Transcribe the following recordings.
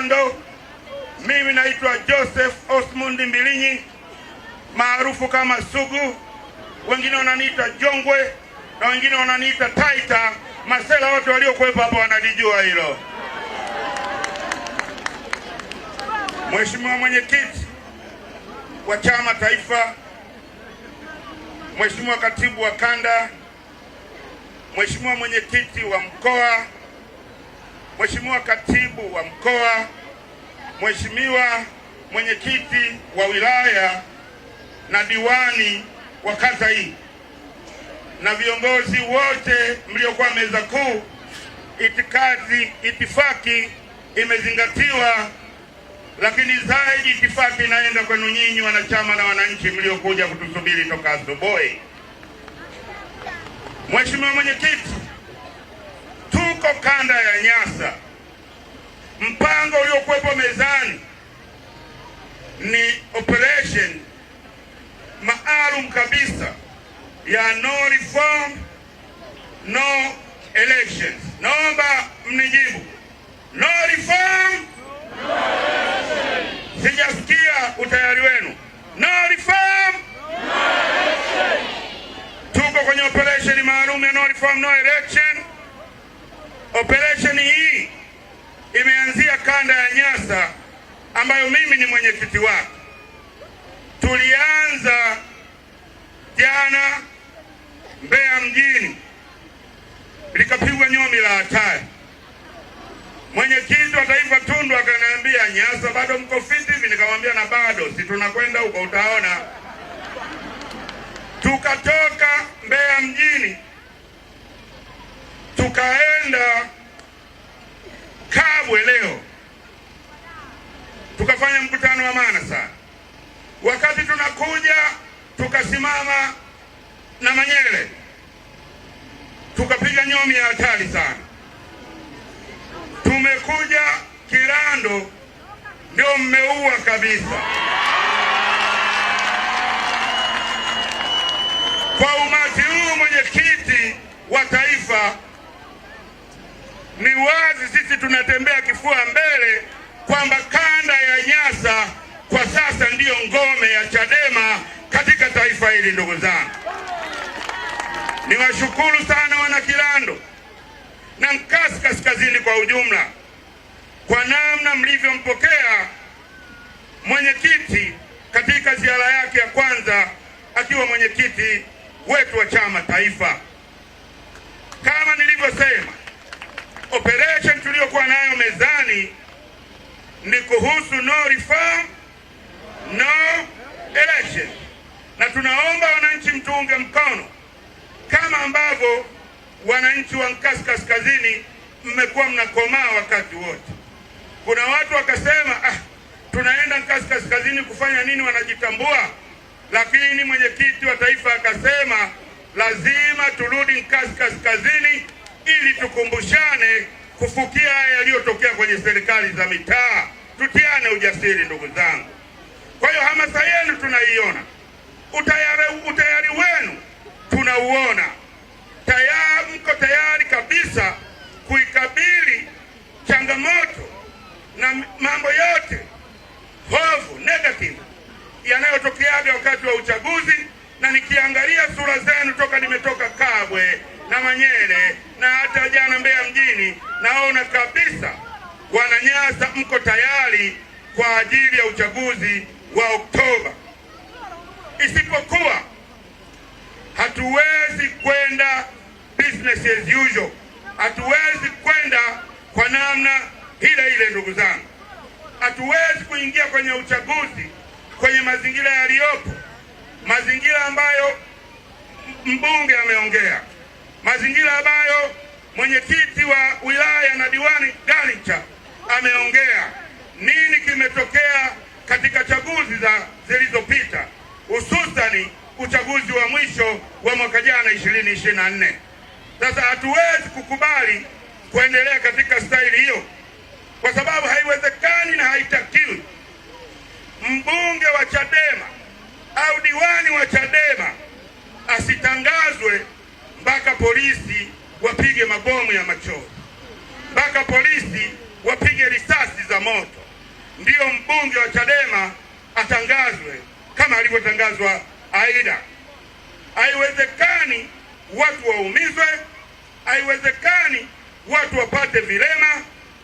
Orlando. Mimi naitwa Joseph Osmund Mbilinyi maarufu kama Sugu, wengine wananiita Jongwe na wengine wananiita Taita Masela. Wote waliokuwepo hapa wanalijua hilo. Mheshimiwa mwenyekiti wa chama taifa, Mheshimiwa katibu wa kanda, Mheshimiwa mwenyekiti wa mkoa, Mheshimiwa katibu wa mkoa Mheshimiwa mwenyekiti wa wilaya na diwani wa kata hii na viongozi wote mliokuwa meza kuu, itikadi itifaki imezingatiwa, lakini zaidi itifaki inaenda kwenu nyinyi wanachama na wananchi mliokuja kutusubiri toka asubuhi. Mheshimiwa mwenyekiti, tuko kanda ya Nyasa. Mpango uliokuwepo mezani ni operation maalum kabisa ya no reform no elections. Naomba mnijibu no reform no election. Sijasikia utayari wenu. No reform no election. Tuko kwenye operation maalum ya no reform no election. Operation hii imeanzia kanda ya Nyasa ambayo mimi ni mwenyekiti wake. Tulianza jana Mbeya mjini, likapigwa nyomi la hatari. Mwenyekiti wa taifa Tundu akaniambia, Nyasa bado mko fiti hivi? Nikamwambia na bado, si tunakwenda huko, utaona. Tukatoka Mbeya mjini tukaenda Kabwe leo tukafanya mkutano wa maana sana. Wakati tunakuja tukasimama na Manyele, tukapiga nyomi ya hatari sana. Tumekuja Kirando ndio mmeua kabisa kwa umati huu. Mwenyekiti wa taifa ni wazi sisi tunatembea kifua mbele kwamba kanda ya Nyasa kwa sasa ndiyo ngome ya Chadema katika taifa hili. Ndugu zangu, niwashukuru sana wana Kilando na Nkasi Kaskazini kwa ujumla kwa namna mlivyompokea mwenyekiti katika ziara yake ya kwanza akiwa mwenyekiti wetu wa chama taifa. Kama nilivyosema operation tuliyokuwa nayo mezani ni kuhusu no reform no election, na tunaomba wananchi mtuunge mkono kama ambavyo wananchi wa Nkasi Kaskazini mmekuwa mnakomaa wakati wote. Kuna watu wakasema, ah, tunaenda Nkasi Kaskazini kufanya nini? Wanajitambua. Lakini mwenyekiti wa taifa akasema lazima turudi Nkasi Kaskazini ili tukumbushane kufukia haya yaliyotokea kwenye serikali za mitaa. Tutiane ujasiri ndugu zangu. Kwa hiyo hamasa yenu tunaiona, utayari, utayari wenu tunauona, tayari mko tayari kabisa kuikabili changamoto na mambo yote hofu negative yanayotokeaga wakati wa uchaguzi, na nikiangalia sura zenu toka nimetoka Kabwe na Manyere na hata jana Mbeya mjini, naona kabisa Wananyasa mko tayari kwa ajili ya uchaguzi wa Oktoba, isipokuwa hatuwezi kwenda business as usual, hatuwezi kwenda kwa namna ile ile. Ndugu zangu, hatuwezi kuingia kwenye uchaguzi kwenye mazingira yaliyopo, mazingira ambayo mbunge ameongea mazingira ambayo mwenyekiti wa wilaya na diwani Galicha ameongea nini kimetokea katika chaguzi za zilizopita, hususani uchaguzi wa mwisho wa mwaka jana 2024. Sasa hatuwezi kukubali kuendelea katika staili hiyo, kwa sababu haiwezekani na haitakiwi mbunge wa Chadema au diwani wa Chadema asitangazwe mpaka polisi wapige mabomu ya machozi, mpaka polisi wapige risasi za moto, ndiyo mbunge wa Chadema atangazwe kama alivyotangazwa Aida. Haiwezekani watu waumizwe, haiwezekani watu wapate vilema,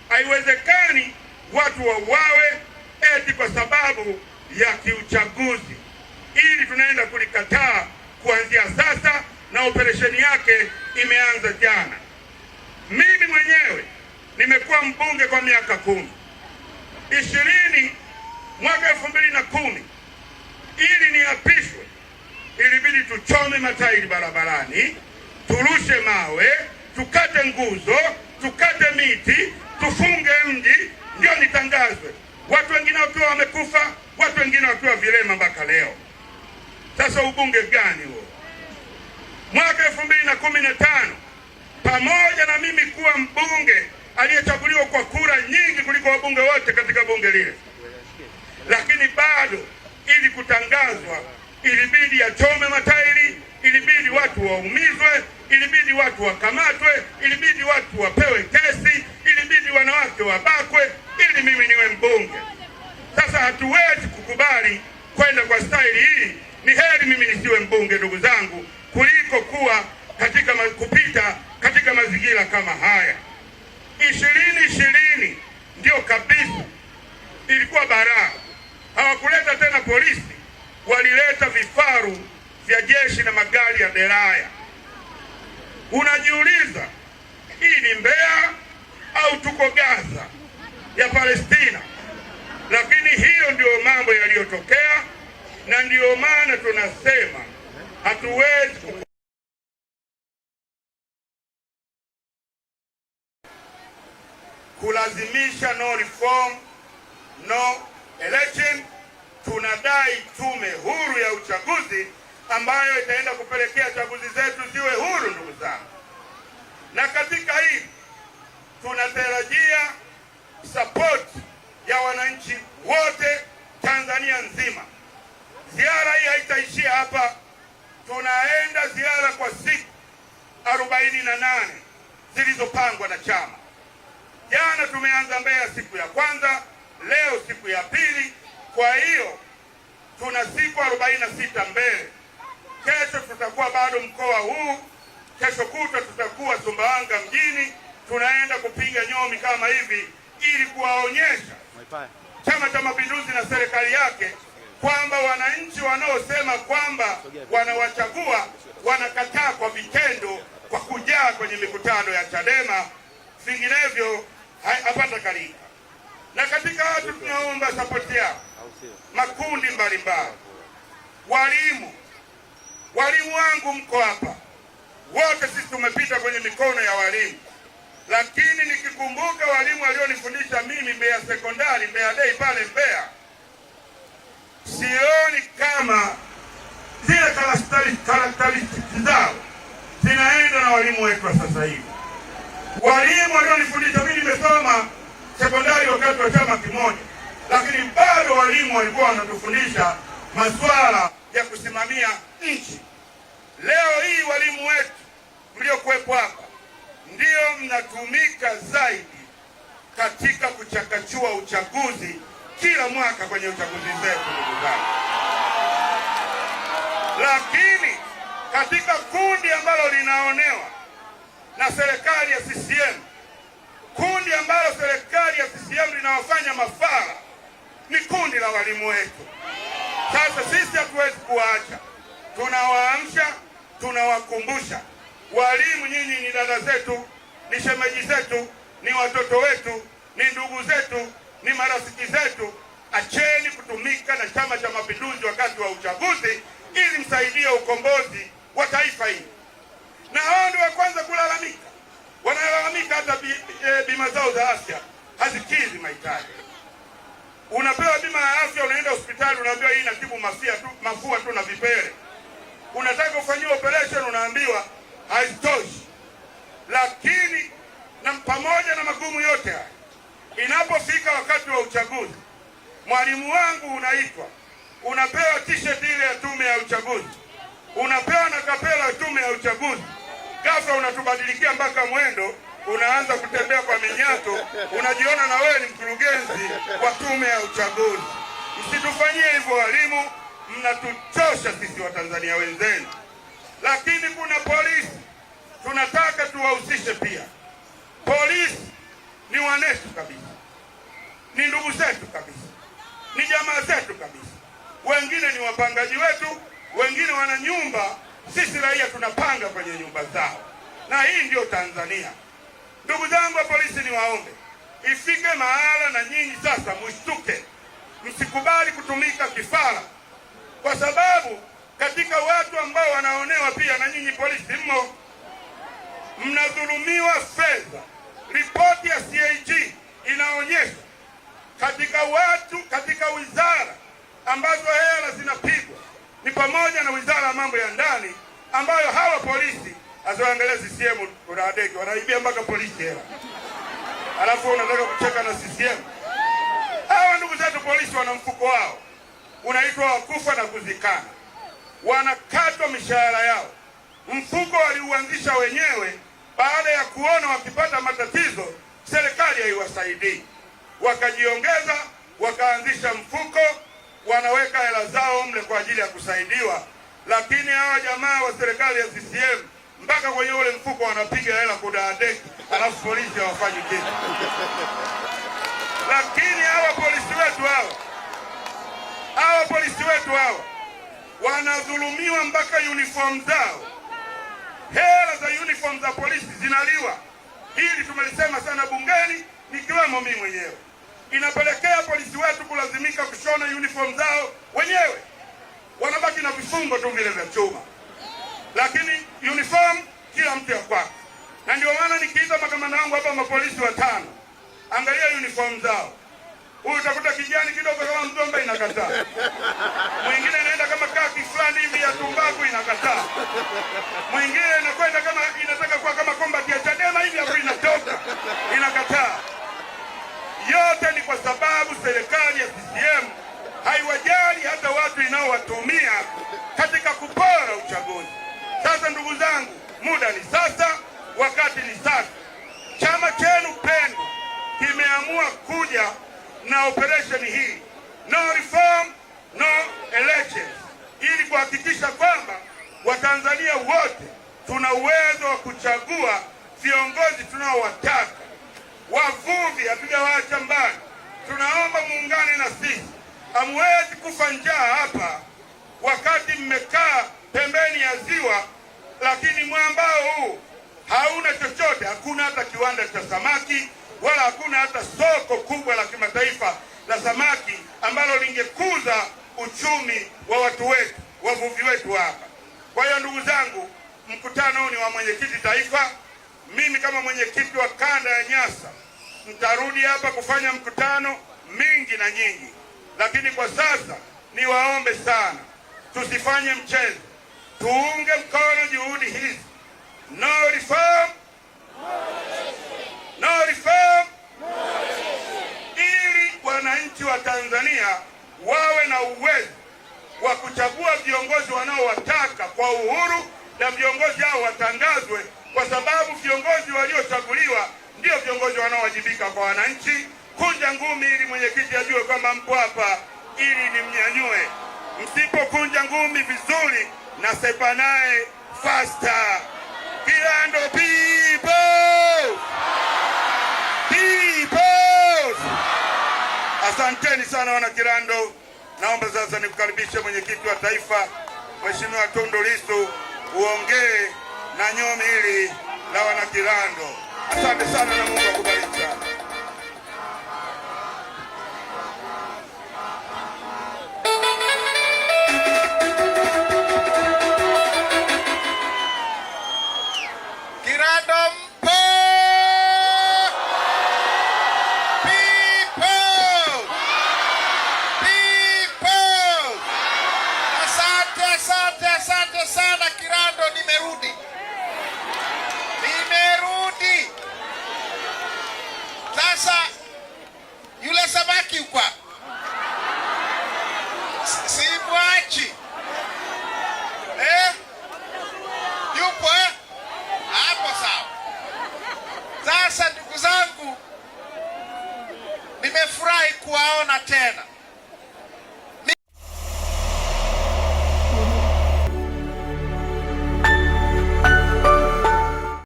haiwezekani watu wauawe eti kwa sababu ya kiuchaguzi. Ili tunaenda kulikataa kuanzia sasa na operesheni yake imeanza jana. Mimi mwenyewe nimekuwa mbunge kwa miaka kumi ishirini. Mwaka elfu mbili na kumi ili niapishwe, ilibidi tuchome matairi barabarani, turushe mawe, tukate nguzo, tukate miti, tufunge mji, ndio nitangazwe, watu wengine wakiwa wamekufa, watu wengine wakiwa vilema mpaka leo. Sasa ubunge gani huo? mwaka elfu mbili na kumi na tano pamoja na mimi kuwa mbunge aliyechaguliwa kwa kura nyingi kuliko wabunge wote katika bunge lile, lakini bado ili kutangazwa ilibidi yachome matairi, ilibidi watu waumizwe, ilibidi watu wakamatwe, ilibidi watu wapewe kesi, ilibidi wanawake wabakwe ili mimi niwe mbunge. Sasa hatuwezi kukubali kwenda kwa staili hii. Ni heri mimi nisiwe mbunge, ndugu zangu kuliko kuwa katika kupita katika mazingira kama haya. Ishirini ishirini ndiyo kabisa ilikuwa baraa. Hawakuleta tena polisi, walileta vifaru vya jeshi na magari ya deraya. Unajiuliza, hii ni Mbeya au tuko Gaza ya Palestina? Lakini hiyo ndiyo mambo yaliyotokea, na ndiyo maana tunasema hatuwezi kulazimisha no reform no election. Tunadai tume huru ya uchaguzi ambayo itaenda kupelekea chaguzi zetu ziwe huru, ndugu zangu. Na katika hii tunatarajia support ya wananchi wote Tanzania nzima. Ziara hii haitaishia hapa tunaenda ziara kwa siku arobaini na nane zilizopangwa na chama. Jana tumeanza Mbeya siku ya kwanza, leo siku ya pili. Kwa hiyo tuna siku arobaini na sita mbele. Kesho tutakuwa bado mkoa huu, kesho kutwa tutakuwa Sumbawanga mjini, tunaenda kupiga nyomi kama hivi, ili kuwaonyesha Chama cha Mapinduzi na serikali yake kwamba wananchi wanaosema kwamba wanawachagua wanakataa kwa vitendo, kwa kujaa kwenye mikutano ya Chadema, vinginevyo hapata kalika. Na katika watu tunaomba sapoti yao makundi mbalimbali, walimu, walimu wangu mko hapa wote, sisi tumepita kwenye mikono ya walimu lakini nikikumbuka walimu walionifundisha mimi Mbeya sekondari, Mbeya dei pale Mbeya, sioni kama zile karakteristiki zao zinaenda na walimu wetu wa sasa hivi. Walimu walionifundisha mimi, nimesoma sekondari wakati wa chama kimoja, lakini bado walimu walikuwa wanatufundisha masuala ya kusimamia nchi. Leo hii walimu wetu mliokuwepo hapa ndio mnatumika zaidi katika kuchakachua uchaguzi kila mwaka kwenye uchaguzi zetu, ndugu zangu. Lakini katika kundi ambalo linaonewa na serikali ya CCM, kundi ambalo serikali ya CCM linawafanya mafala ni kundi la walimu wetu. Sasa sisi hatuwezi kuwaacha, tunawaamsha, tunawakumbusha walimu, nyinyi ni dada zetu, ni shemeji zetu, ni watoto wetu, ni ndugu zetu ni marafiki zetu, acheni kutumika na Chama cha Mapinduzi wakati wa uchaguzi ili msaidie ukombozi wa taifa hili. Na hao ndio wa kwanza kulalamika, wanalalamika hata bi, e, bima zao za afya hazikizi mahitaji. Unapewa bima ya afya, unaenda hospitali, unaambiwa hii inatibu mafia tu, mafua tu na vipele. Unataka ufanyiwe operation, unaambiwa haitoshi. Lakini na pamoja na magumu yote haya Inapofika wakati wa uchaguzi, mwalimu wangu unaitwa, unapewa t-shirt ile ya tume ya uchaguzi, unapewa na kapela ya tume ya uchaguzi. Ghafla unatubadilikia mpaka mwendo, unaanza kutembea kwa minyato, unajiona na wewe ni mkurugenzi wa tume ya uchaguzi. Msitufanyie hivyo walimu, mnatuchosha sisi Watanzania wenzenu. Lakini kuna polisi, tunataka tuwahusishe pia polisi ni wanetu kabisa, ni ndugu zetu kabisa, ni jamaa zetu kabisa. Wengine ni wapangaji wetu, wengine wana nyumba, sisi raia tunapanga kwenye nyumba zao, na hii ndiyo Tanzania. Ndugu zangu wa polisi, niwaombe ifike mahala na nyinyi sasa mshtuke, msikubali kutumika kifara, kwa sababu katika watu ambao wanaonewa pia na nyinyi polisi mmo, mnadhulumiwa fedha Ripoti ya CAG inaonyesha katika watu katika wizara ambazo hela zinapigwa ni pamoja na wizara ya mambo ya ndani ambayo hawa polisi azoangalia CCM unaadeki wanaibia mpaka polisi hela, alafu unataka kucheka na CCM. Hawa ndugu zetu polisi wana mfuko wao unaitwa wakufa na kuzikana, wanakatwa mishahara yao. Mfuko waliuanzisha wenyewe baada ya kuona wakipata matatizo serikali haiwasaidii, wakajiongeza, wakaanzisha mfuko, wanaweka hela zao mle kwa ajili ya kusaidiwa. Lakini hawa jamaa wa serikali ya CCM mpaka kwenye ule mfuko wanapiga hela kudaadeki, alafu polisi hawafanyi kitu. Lakini hawa polisi wetu hawa hawa polisi wetu hawa wanadhulumiwa mpaka uniform zao hela za uniform za polisi zinaliwa. Hili tumelisema sana bungeni, nikiwemo mimi mwenyewe. Inapelekea polisi wetu kulazimika kushona uniform zao wenyewe, wanabaki na vifungo tu vile vya chuma, lakini uniform kila mtu ya kwake. Na ndio maana nikiita makamanda wangu hapa mapolisi watano, angalia uniform zao Huyu utakuta kijani kidogo kama mzomba inakataa, mwingine inaenda kama kaki fulani hivi ya tumbaku inakataa, mwingine inakwenda kama inataka kuwa kama kombati ya Chadema hivi hapo inatoka inakataa. Yote ni kwa sababu serikali ya CCM haiwajali hata watu inaowatumia katika kupora uchaguzi. Sasa ndugu zangu, muda ni sasa, wakati ni na operation hii no reform, no election, ili kuhakikisha kwamba Watanzania wote tuna uwezo wa kuchagua viongozi tunaowataka. Wavuvi hatujawaacha mbali, tunaomba muungane na sisi. Hamwezi kufa njaa hapa wakati mmekaa pembeni ya ziwa, lakini mwambao huu hauna chochote, hakuna hata kiwanda cha samaki wala hakuna hata soko kubwa la kimataifa la samaki ambalo lingekuza uchumi wa watu wetu, wavuvi wetu hapa. Kwa hiyo ndugu zangu, mkutano huu ni wa mwenyekiti taifa. Mimi kama mwenyekiti wa kanda ya Nyasa nitarudi hapa kufanya mkutano mingi na nyingi, lakini kwa sasa niwaombe sana, tusifanye mchezo, tuunge mkono juhudi hizi. No reform, no reform. wananchi wa Tanzania wawe na uwezo wa kuchagua viongozi wanaowataka kwa uhuru na viongozi hao watangazwe, kwa sababu viongozi waliochaguliwa ndio viongozi wanaowajibika kwa wananchi. Kunja ngumi ili mwenyekiti ajue kwamba mko hapa ili nimnyanyue. Msipokunja ngumi vizuri, nasepa naye fasta Kilando people! Asanteni sana wana Kirando. Naomba sasa nikukaribishe mwenyekiti wa taifa Mheshimiwa Tundu Lissu uongee na nyomi hili la wana Kirando. Asante sana na Mungu akubariki.